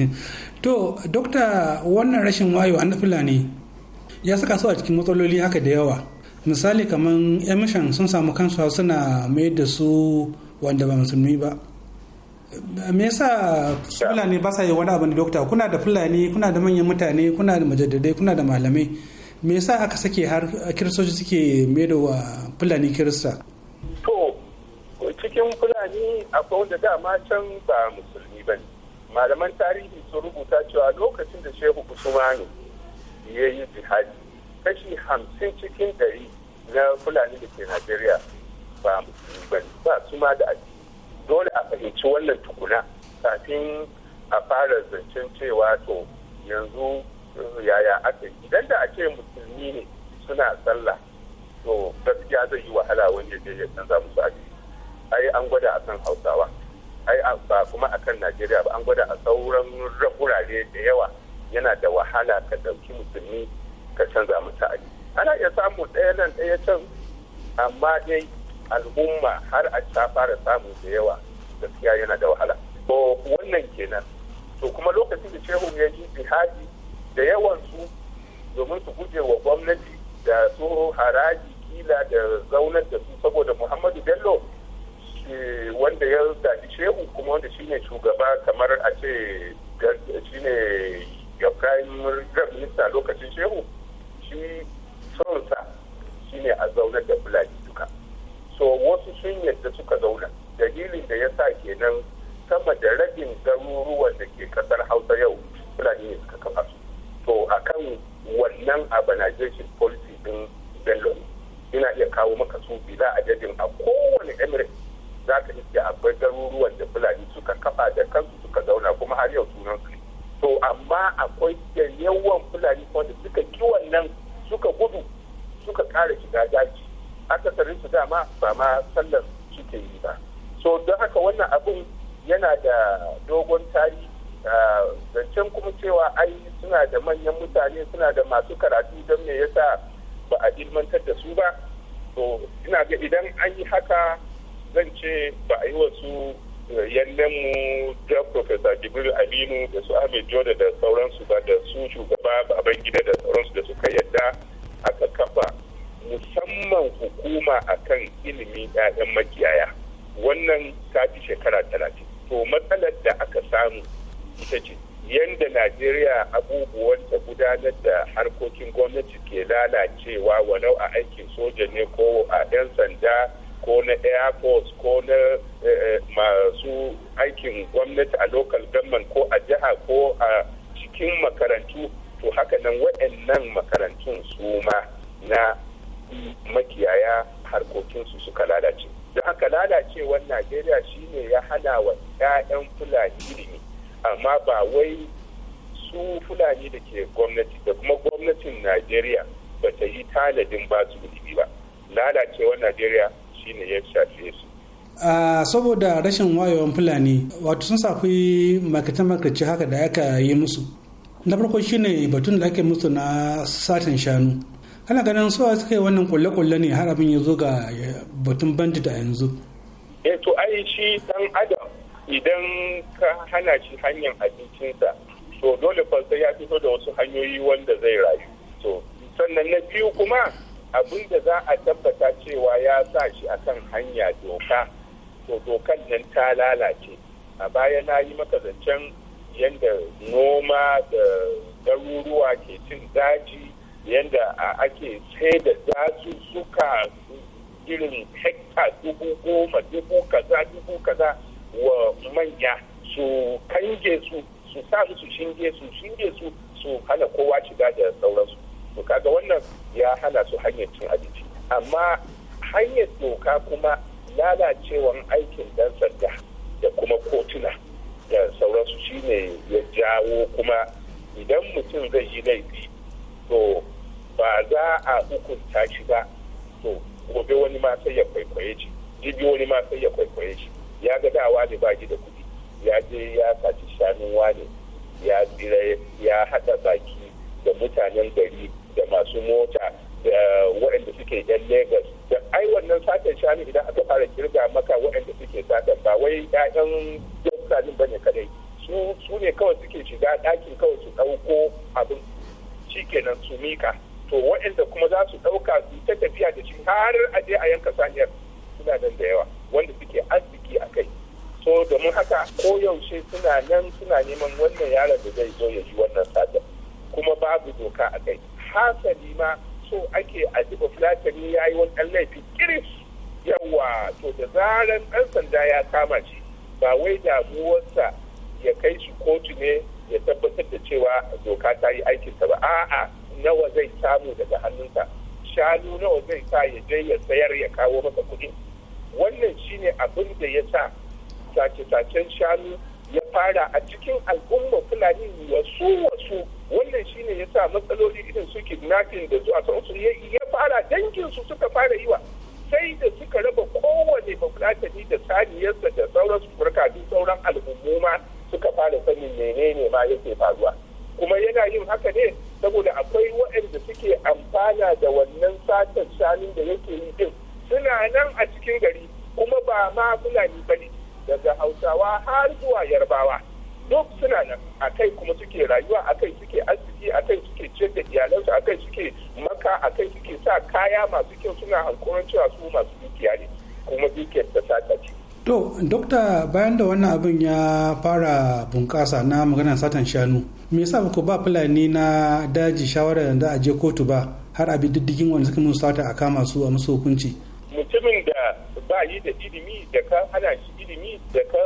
(laughs) to dokta wannan rashin wayo an fulani ya saka su a cikin matsaloli haka da yawa misali kamar emission sun samu kansu suna mai da su wanda ba musulmi ba me yasa fulani ba sa yi wani abin dokta kuna da fulani kuna da manyan mutane kuna da majaddadai kuna da malamai me yasa aka sake har kiristoci suke da wa fulani kirista cikin fulani akwai wanda dama can ba musulmi ba ne malaman tarihi sun rubuta cewa lokacin da shehu usmanu ya yi jihadi kashi hamsin cikin ɗari na fulani da ke najeriya ba musulmi ba ne ba su ma da addini dole a fahimci wannan tukuna kafin a fara zancen cewa to yanzu eh, yaya aka yi idan da a musulmi ne suna sallah to gaskiya zai yi wahala wanda ya canza musu addini ai an gwada a kan hausawa ai ba kuma a kan najeriya ba an gwada a sauran wurare da yawa yana da wahala ka ɗauki musulmi ka canza a aji ana iya samu ɗaya nan ɗaya can amma dai al'umma har a ta fara samu da yawa gaskiya yana da wahala to wannan kenan to kuma lokacin da shehu ya ji jihadi da yawan su domin su guje wa gwamnati da su haraji kila da zaunar da su saboda muhammadu bello Eh, wanda ya zaɓi shehu kuma wanda shine shugaba kamar a ce shine ya prime minista lokacin shehu shi sonsa shine a zaunar da fulani duka so wasu sun yadda suka zauna dalilin da ya sa kenan sama da rabin garuruwan da ke kasar hausa yau fulani ne suka kafa su to a kan wannan urbanization policy din bello ina iya kawo maka su bila a jajin a kowane emirate za ka akwai garuruwan da fulani suka kafa da kansu suka zauna kuma har yau sunan su to amma akwai da yawan fulani wanda suka kiwon nan suka gudu suka ƙara shiga daji akasarin su dama ba ma sallar suke yi ba so don haka wannan abun yana da dogon tarihi zancen kuma cewa ai suna da manyan mutane suna da masu karatu don me yasa ba a ilmantar da su ba to ina ga idan an yi haka zan ce ba a yi wasu eh, yannenmu da Profesa Jibril Aminu da su Ahmed jordan da sauransu ba da su shugaba baban gida da sauransu da suka yadda aka kafa musamman hukuma a kan ilimin 'ya'yan makiyaya wannan ta fi shekara talatin to matsalar da aka samu ita ce yadda najeriya abubuwan ta gudanar da harkokin gwamnati ke lalacewa walau a aikin soja ne ko a 'yan sanda ko na air force ko na eh, eh, masu aikin gwamnati a local government ko a jiha ko a cikin makarantu to haka nan waɗannan makarantun su ma na makiyaya harkokinsu suka lalace don haka lalacewar najeriya shine ya hana wa 'ya'yan fulani ilimi amma ba wai su fulani da ke gwamnati da kuma gwamnatin najeriya ba ta yi taladin ba su ilimi ba lalacewar najeriya shine ya shafe su a saboda rashin wayewan fulani wato sun safi makita makarci haka da aka yi musu na farko shine batun da ake musu na satin shanu ana ganin suwa suka yi wannan kulle-kulle ne har abin ya zo ga batun bandit a yanzu e to ai shi dan adam idan ka hana shi hanyar abincinsa to dole fa ya fito da wasu hanyoyi wanda zai rayu to sannan na biyu kuma abin da za a tabbata cewa ya sa shi a kan hanya doka to dokan nan ta lalace a baya na yi maka zancen yadda noma da garuruwa ke cin daji yadda ake sai da dasu suka irin hekta dubu goma dubu kaza dubu kaza wa manya su kange su su sa su shinge su shinge su su hana kowa shiga da sauransu to kaga wannan ya hana su hanyar cin abinci amma hanyar doka kuma lalacewan aikin dan sanda da kuma kotuna da sauransu shine ya jawo kuma idan mutum zai yi laifi to ba za a hukunta shi ba to gobe wani ma sai ya kwaikwaye shi jibi wani ma sai ya kwaikwaye shi ya ga dawa ne ba da kuɗi ya je ya saci shanun wane ya tsira ya haɗa baki da mutanen gari da masu mota da waɗanda suke yan Legas da ai wannan satan shanu idan aka fara kirga maka waɗanda suke satan ba wai 'ya'yan ba bane kadai su ne kawai suke shiga ɗakin kawai su ɗauko abin shikenan su mika to waɗanda kuma za su ɗauka su ta tafiya da shi har a je a yanka saniyar suna nan da yawa wanda suke arziki a kai so domin haka koyaushe suna nan suna neman wannan yaron da zai zo ya ji wannan satar kuma babu doka a kai hasali ma so ake a jiba fulatani ya yi wani ɗan laifi kiris yawa to da zaran ɗan sanda ya kama shi ba wai damuwarsa ya kai shi kotu ne ya tabbatar da cewa doka ta yi aikinsa ba a'a nawa zai samu daga hannunsa shanu nawa zai sa ya je ya sayar ya kawo masa kuɗi wannan shine abin da ya sa sace-sacen shanu ya fara a cikin al'ummar fulani wasu wasu wannan shine ya sa matsaloli irin su kidnapping da zuwa a su ya fara dangin su suka fara yi wa sai da suka raba kowane bafulatani da saniyarsa da sauran su duk sauran al'ummuma suka fara sanin menene ma yake faruwa kuma yana yin haka ne saboda akwai waɗanda suke amfana da wannan satar shanun da yake yi din suna nan a cikin gari kuma ba ma fulani bane daga hausawa har zuwa yarbawa duk suna nan a kai kuma suke rayuwa a kai suke arziki a kai suke ciyar da iyalansu a kai suke maka a kai suke sa kaya masu kyau suna hankoron cewa su masu dukiya ne kuma dukiyar ta sata ce. to dokta bayan da wannan abin ya fara bunƙasa na maganar satan shanu me yasa ba ku ba fulani na daji shawara da a je kotu ba har abi diddigin wanda suka musu sata a kama su a musu hukunci mutumin da ba yi da ilimi da ka hana shi ilimi da ka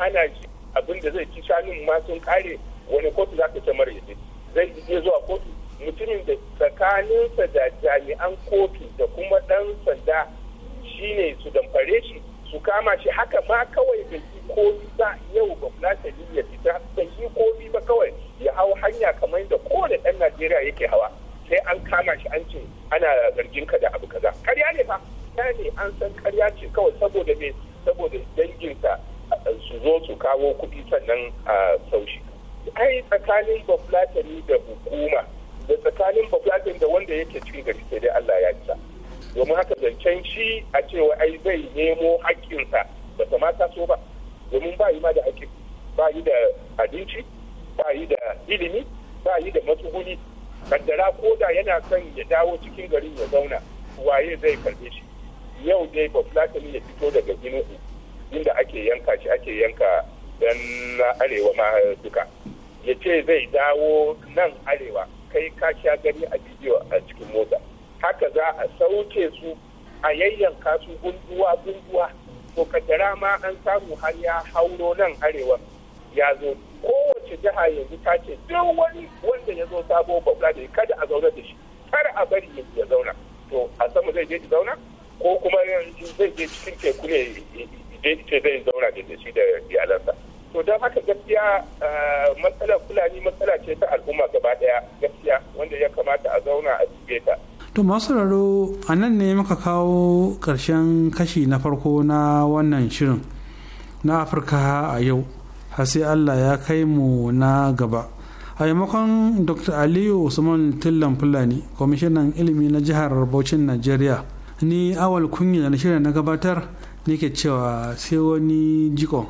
hana shi abin da zai ci shanun ma sun kare wani kotu za ka samar mara yaje zai iya zuwa kotu mutumin da tsakaninsa da jami'an kotu da kuma dan sanda shine su damfare shi su kama shi haka ma kawai da yi komi ba yau ba fulatani ya fita da yi komi ba kawai ya hau hanya kamar da kowane ɗan najeriya yake hawa sai an kama shi an ce ana zargin ka da abu kaza karya ne fa ne an san karya ce kawai saboda me saboda danginsa su zo su kawo kuɗi sannan a saushi ai tsakanin bafulatani da hukuma da tsakanin bafulatani da wanda yake cikin gari sai dai Allah ya isa domin haka zancen shi a cewa ai zai nemo haƙƙinsa ba ta mata so ba domin ba yi ma da haƙƙi ba yi da abinci ba yi da ilimi ba yi da matsuguni kaddara ko da yana son ya dawo cikin garin ya zauna waye zai karbe shi yau dai bafulatani ya fito daga ginin inda ake yanka shi ake yanka dan arewa ma duka ya ce zai dawo nan arewa kai ka sha gani a bidiyo a cikin mota haka za a sauke su a yayyanka su gunduwa gunduwa to kaddara ma an samu har ya hauro nan arewa ya zo kowace jiha yanzu ta ce duk wani wanda ya zo sabo babla da kada a zauna da shi kar a bari ya zauna to a sama zai je zauna ko kuma yanzu zai je cikin teku ne je zai zauna da shi da iyalansa to don haka gaskiya matsalar fulani matsala ce ta al'umma gaba daya gaskiya wanda ya kamata a zauna a cike ta to masu raro a nan ne muka kawo karshen kashi na farko na wannan shirin na afirka a yau har sai allah ya kai mu na gaba a maimakon dr aliyu usman tillan fulani kwamishinan ilimi na jihar bauchin najeriya ni awal kunya na shirya na gabatar nake cewa sai wani jiko.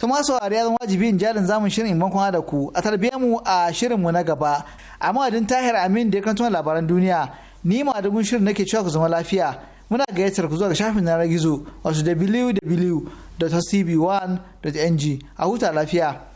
kuma a zama wajibi in jarin zamun shirin in da ku a tarbiyyarmu a shirin mu na gaba a ma'adin tahir amin da ya kanto labaran duniya ni ma da shirin nake cewa ku zama lafiya muna gayyatar ku zuwa ga shafin na gizo wato www.cb1.ng a huta lafiya